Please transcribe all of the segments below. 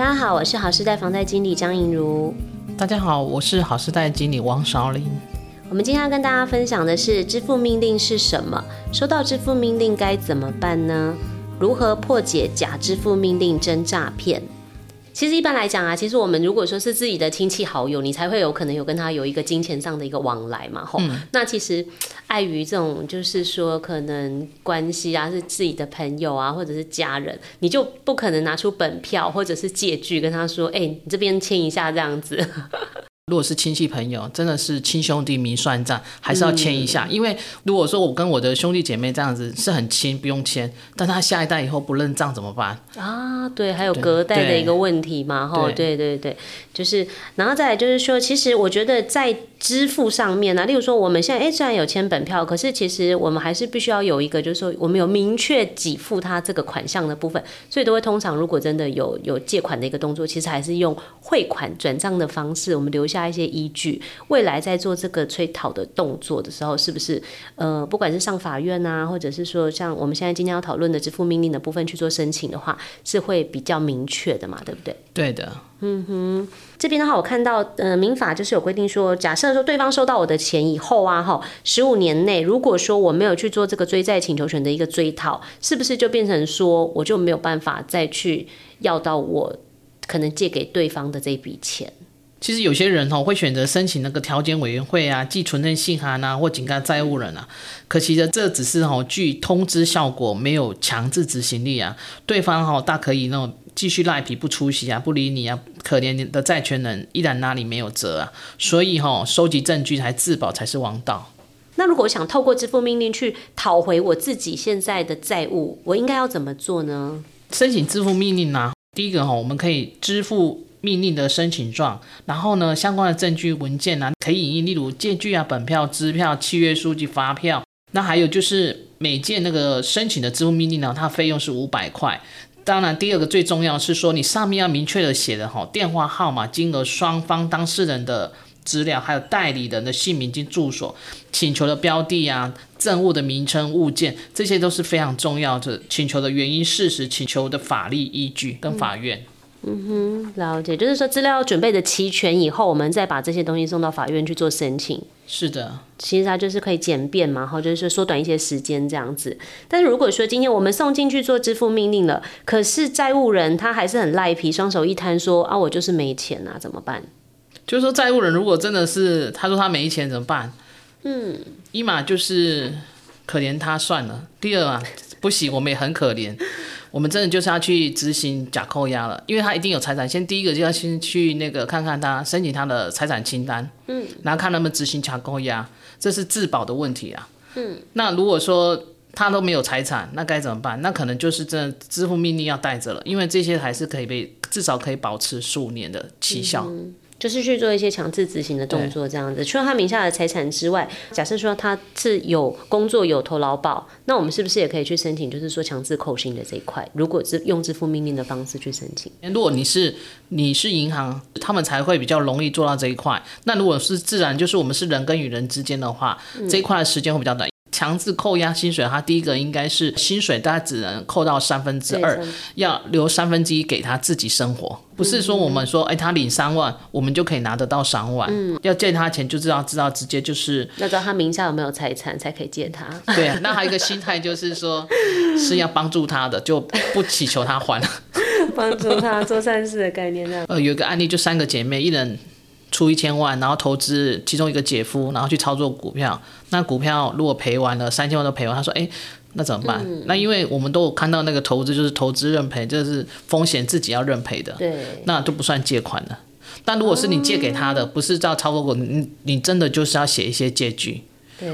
大家好，我是好事貸房貸經理張穎如。大家好，我是好事貸經理王少林。我們今天要跟大家分享的是支付命令是什麼？收到支付命令該怎麼辦呢？如何破解假支付命令、真詐騙？其實一般來講啊，其實我們如果說是自己的親戚好友，你才會有可能有跟他有一個金錢上的一個往來嘛，吼。嗯、那其實礙於這種，就是說可能關係啊，是自己的朋友啊，或者是家人，你就不可能拿出本票或者是借據跟他說，哎、欸，你這邊簽一下這樣子。如果是親戚朋友，真的是親兄弟明算賬，還是要簽一下、嗯。因為如果說我跟我的兄弟姐妹這樣子是很親，不用簽，但他下一代以後不認賬怎麼辦？啊，對，還有隔代的一個問題嘛，哈，對對對，就是，然後再來就是說，其實我覺得在支付上面呢、啊，例如說我們現在哎，雖然有簽本票，可是其實我們還是必須要有一個，就是說我們有明確給付他這個款項的部分，所以都會通常如果真的有有借款的一個動作，其實還是用匯款轉賬的方式，我們留下。加一些依據，未來在做這個催討的動作的時候，是不是呃，不管是上法院啊，或者是說像我們現在今天要討論的支付命令的部分去做申請的話，是會比較明確的嘛？對不對？對的。嗯哼，這邊的話，我看到呃，民法就是有規定說，假設說對方收到我的錢以後啊，齁，十五年內，如果說我沒有去做這個追債請求權的一個追討，是不是就變成說我就沒有辦法再去要到我可能借給對方的這筆錢？其實有些人吼會選擇申請那個調解委員會啊，寄存證信函啊，或警告債務人啊。可其實這只是吼具通知效果，沒有強制執行力啊。對方吼大可以那繼續賴皮不出席啊，不理你啊。可憐的債權人依然哪裡沒有轍啊。所以吼、哦、收集證據才自保才是王道。那如果我想透過支付命令去討回我自己現在的債務，我應該要怎麼做呢？申請支付命令啊。第一個吼，我們可以支付。命令的申請狀，然後呢，相關的證據文件呢、啊，可以引用，例如借據啊、本票、支票、契約書及發票。那還有就是每件那個申請的支付命令呢、啊，它費用是五百塊。當然，第二個最重要是說你上面要明確的寫的哈、哦，電話號碼、金額、雙方當事人的資料，還有代理人的姓名及住所，請求的標的啊、證物的名稱、物件，這些都是非常重要的。請求的原因、事實、請求的法律依據跟法院。嗯嗯哼，了解，就是說資料準備的齊全以後，我們再把這些東西送到法院去做申請。是的，其實它就是可以簡便嘛，然後就是說縮短一些時間這樣子。但是如果說今天我們送進去做支付命令了，可是債務人他還是很賴皮，雙手一攤說啊，我就是沒錢啊，怎麼辦？就是說債務人如果真的是他說他沒錢怎麼辦？嗯，一嘛就是可憐他算了，第二嘛不行，我們也很可憐。 我們真的就是要去執行假扣押了，因為他一定有財產。先第一個就要先去那個看看他申請他的財產清單，嗯，然後看能不能執行假扣押，這是自保的問題啊。嗯，那如果說他都沒有財產，那該怎麼辦？那可能就是這支付命令要帶着了，因為這些還是可以被至少可以保持數年的期效。嗯就是去做一些強制執行的動作，這樣子，除了他名下的財產之外，假設說他是有工作有投勞保，那我們是不是也可以去申請？就是說強制扣薪的這一塊，如果是用支付命令的方式去申請，如果你是你是銀行，他們才會比較容易做到這一塊。那如果是自然，就是我們是人跟與人之間的話，嗯、這一塊的時間會比較短。強制扣押薪水，他第一個應該是薪水，大概只能扣到三分之二，要留三分之一給他自己生活、嗯，不是說我們說，哎、欸，他領三萬，我們就可以拿得到三萬。嗯，要借他錢就知道知道直接就是。要知道他名下有沒有財產才可以借他。對啊，那還有一個心態就是說 是要幫助他的，就不祈求他還了。幫 助他做善事的概念這樣。呃，有一個案例就三個姐妹，一人。出一千萬，然後投資其中一個姐夫，然後去操作股票。那股票如果賠完了，三千萬都賠完，他說：“哎、欸，那怎麼辦、嗯？”那因為我們都有看到那個投資就是投資認賠，就是風險自己要認賠的。對，那都不算借款的。但如果是你借給他的，嗯、不是在操作股，你你真的就是要寫一些借據。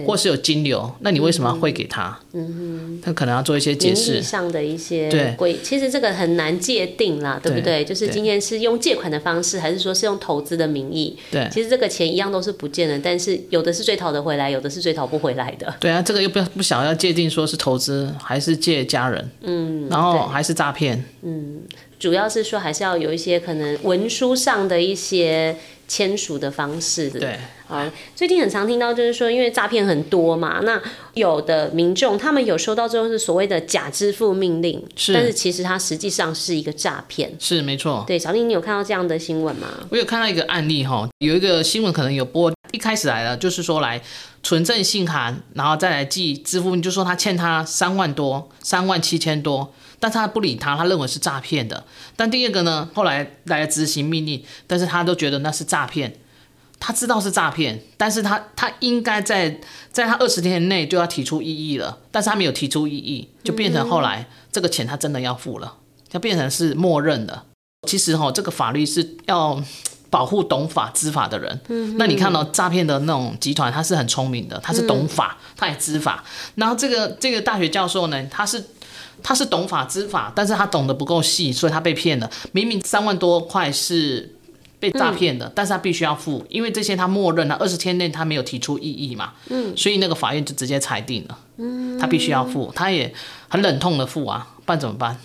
或是有金流，那你為什麼要匯給他？嗯哼，嗯哼，他可能要做一些解釋上的一些對，其實這個很難界定啦，對不對？對，就是今天是用借款的方式，還是說是用投資的名義？對，其實這個錢一樣都是不見的，但是有的是追討得回來，有的是追討不回來的。對啊，這個又不不想要界定說是投資還是借家人，嗯，然後還是詐騙，嗯。主要是說還是要有一些可能文書上的一些簽署的方式是不是？對，好，最近很常聽到就是說，因為詐騙很多嘛，那有的民眾他們有收到這種是所謂的假支付命令，是，但是其實它實際上是一個詐騙。是，沒錯。對，小麗，你有看到這樣的新聞嗎？我有看到一個案例哈，有一個新聞可能有播，一開始來了就是說來存證信函，然後再來寄支付命令，你就說他欠他三萬多，三萬七千多。但他不理他，他認為是詐騙的。但第二個呢，後來來執行命令，但是他都覺得那是詐騙。他知道是詐騙，但是他他應該在在他二十天內就要提出異議了，但是他沒有提出異議，就變成後來這個錢他真的要付了，就、嗯、變成是默認了。其實哈、喔，這個法律是要保護懂法知法的人。嗯，嗯。那你看到詐騙的那種集團，他是很聰明的，他是懂法，他也知法。然後這個這個大學教授呢，他是。他是懂法知法，但是他懂得不夠細，所以他被騙了。明明三萬多塊是被詐騙的，嗯，但是他必須要付，因為這些他默認了，二十天內他沒有提出異議嘛，嗯，所以那個法院就直接裁定了，嗯，他必須要付，他也很忍痛的付啊，不然怎麼辦？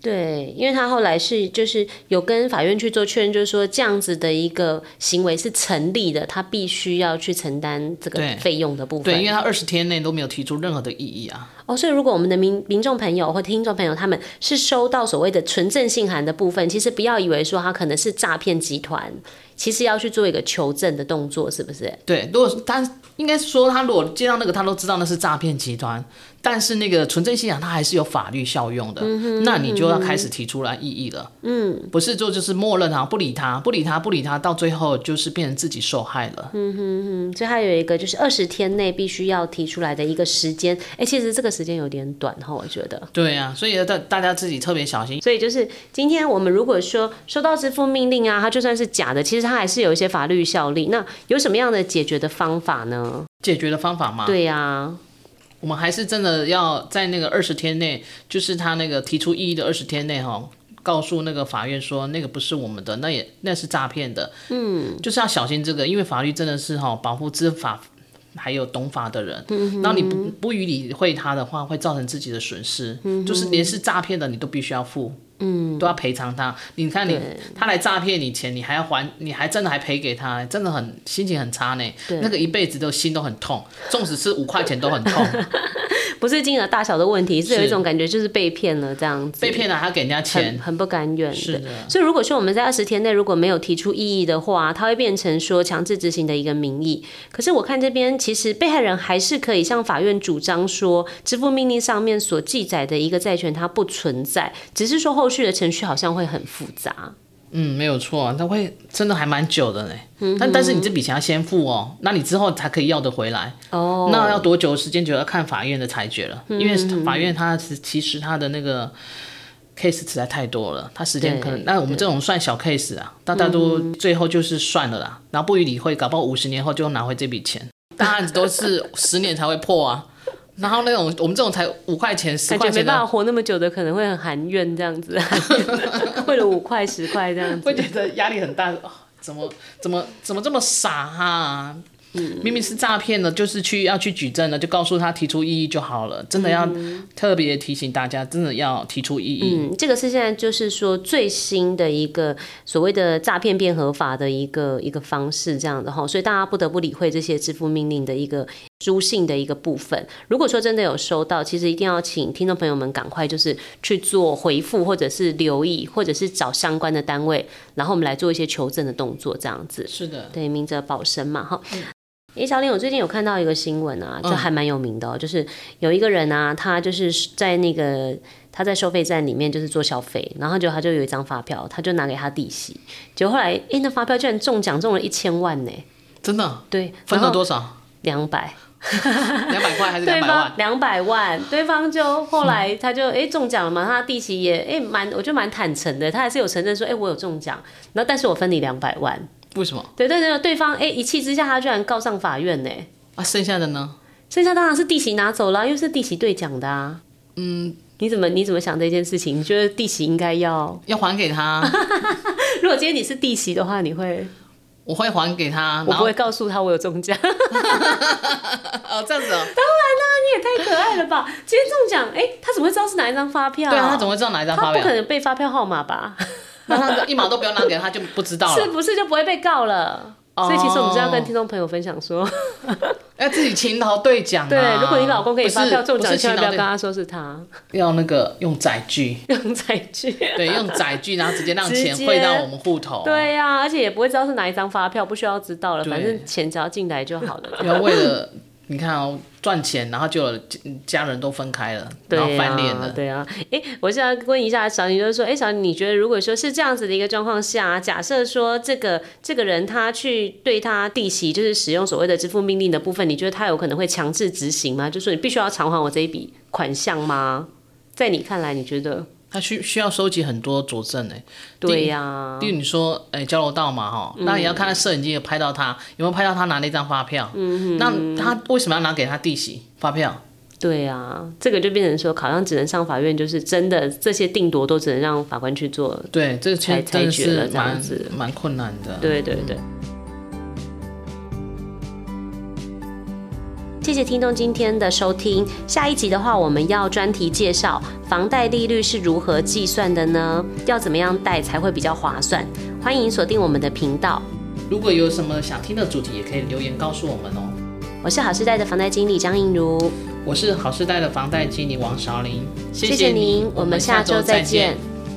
對，因為他後來是就是有跟法院去做確認，就是說這樣子的一個行為是成立的，他必須要去承擔這個費用的部分。對，對，因為他二十天內都沒有提出任何的異議啊。哦，所以如果我們的民民眾朋友或聽眾朋友他們是收到所謂的存證信函的部分，其實不要以為說他可能是詐騙集團，其實要去做一個求證的動作，是不是？對，如果他應該說他如果接到那個，他都知道那是詐騙集團。但是那個純正信仰，它還是有法律效用的。嗯哼。那你就要開始提出來異議了。嗯。不是做就是默認啊，不理他，不理他，不理他，到最後就是變成自己受害了。嗯哼哼。所以還有一個就是二十天內必須要提出來的一個時間。哎、欸，其實這個時間有點短哈，我覺得。對啊，所以大大家自己特別小心。所以就是今天我們如果說收到支付命令啊，它就算是假的，其實它還是有一些法律效力。那有什麼樣的解決的方法呢？解決的方法嗎？對啊。我們還是真的要在那個二十天內，就是他那個提出異議的二十天內，哦，哈，告訴那個法院說那個不是我們的，那也那是詐騙的，嗯，就是要小心這個，因為法律真的是哈、哦，保護知法，還有懂法的人，當、嗯、你不不予理會他的話，會造成自己的損失、嗯。就是連是詐騙的，你都必須要付，嗯、都要賠償他。你看你，他來詐騙你錢，你還要還，你還真的還賠給他，真的很心情很差呢。那個一輩子都心都很痛，縱使是五塊錢都很痛。 不是金額大小的問題，是有一種感覺，就是被騙了這樣子。被騙了還要給人家錢，很，很不甘願。是。所以如果說我們在二十天內如果沒有提出異議的話，它會變成說強制執行的一個名義。可是我看這邊，其實被害人還是可以向法院主張說，支付命令上面所記載的一個債權它不存在，只是說後續的程序好像會很複雜。嗯，沒有錯，他會真的還蠻久的呢，嗯。但但是你這筆錢要先付哦，那你之後才可以要得回來。哦，那要多久時間？就要看法院的裁決了。嗯、哼哼，因為法院它是其實它的那個 case 實在太多了，它時間可能。那我們這種算小 case 啊，大大都最後就是算了啦，嗯哼哼，然後不予理會，搞不好五十年後就拿回這筆錢。大案子都是十年才會破啊。 然後那種我們這種才五塊錢十塊錢，沒辦法活那麼久的，可能會很含怨這樣子。 為了五塊十塊這樣子，會覺得壓力很大。哦、怎麼怎麼怎麼這麼傻哈、啊？嗯，明明是詐騙的，就是去要去舉證呢，就告訴他提出異議就好了。真的要特別提醒大家，嗯、真的要提出異議。嗯，這個是現在就是說最新的一個所謂的詐騙變合法的一個一個方式，這樣的哈，所以大家不得不理會這些支付命令的一個。書信的一個部分，如果說真的有收到，其實一定要請聽眾朋友們趕快就是去做回復，或者是留意，或者是找相關的單位，然後我們來做一些求證的動作，這樣子。是的，對，明哲保身嘛，哈、嗯。哎、欸，小林，我最近有看到一個新聞啊，就還蠻有名的、哦嗯，就是有一個人啊，他就是在那個他在收費站裡面就是做消費，然後就他就有一張發票，他就拿給他弟媳，結果後來哎，那發票居然中獎中了一千萬呢！真的？對，分到多少？兩百。兩 百塊還是兩百兩百萬，對方就後來他就哎、欸、中獎了嘛，他弟媳也哎蠻、欸，我就蠻坦誠的，他還是有承認說哎、欸、我有中獎，然後但是我分你兩百萬，為什麼？對對對，對方哎、欸、一氣之下他居然告上法院呢？、欸，啊，剩下的呢？剩下當然是弟媳拿走了、啊，因為是弟媳兌獎的啊。嗯，你怎麼你怎麼想這件事情？你覺得弟媳應該要要還給他？ 如果今天你是弟媳的話，你會？我會還給他，我不會告訴他我有中獎。哦， 這樣子哦、喔。當然啦、啊，你也太可愛了吧！今天中獎，哎、欸，他怎麼會知道是哪一張發票？對啊，他怎麼會知道哪一張發票？他不可能背發票號碼吧？那 他一毛都不用拿給他，就不知道了。 是不是就不會被告了？所以其實我們這樣跟聽眾朋友分享說、哦，要自己勤勞對獎。對，如果你老公可以發票中獎，千萬不要跟他說是他，要那個用載具，用載具、啊，對，用載具，然後直接讓錢匯到我們戶頭。對呀、啊，而且也不會知道是哪一張發票，不需要知道了，反正錢只要進來就好了。要為了。你看哦，賺錢，然後就家人都分開了，啊、然後翻臉了。對啊，誒、欸，我現在問一下小林，就是說，誒、欸，小林，你覺得如果說是這樣子的一個狀況下、啊，假設說這個這個人他去對他弟媳就是使用所謂的支付命令的部分，你覺得他有可能會強制執行嗎？就是說你必須要償還我這一筆款項嗎？在你看來，你覺得？他需需要收集很多佐證哎、欸，對呀、啊，例如你說哎、欸、交流道嘛吼，那你要看他攝影機有拍到他，嗯、有沒有拍到他拿那張發票，嗯，那他為什麼要拿給他弟媳發票？對呀、啊，這個就變成說，好像只能上法院，就是真的這些定奪都只能讓法官去做，對，這個確實是蠻決了這樣子蠻困難的，對對對。嗯謝謝聽眾今天的收聽。下一集的話，我們要專題介紹房貸利率是如何計算的呢？要怎麼樣貸才會比較划算？歡迎鎖定我們的頻道。如果有什麼想聽的主題，也可以留言告訴我們哦。我是好事貸的房貸經理張映茹，我是好事貸的房貸經理王韶林。謝謝您，我們下周再見。再見。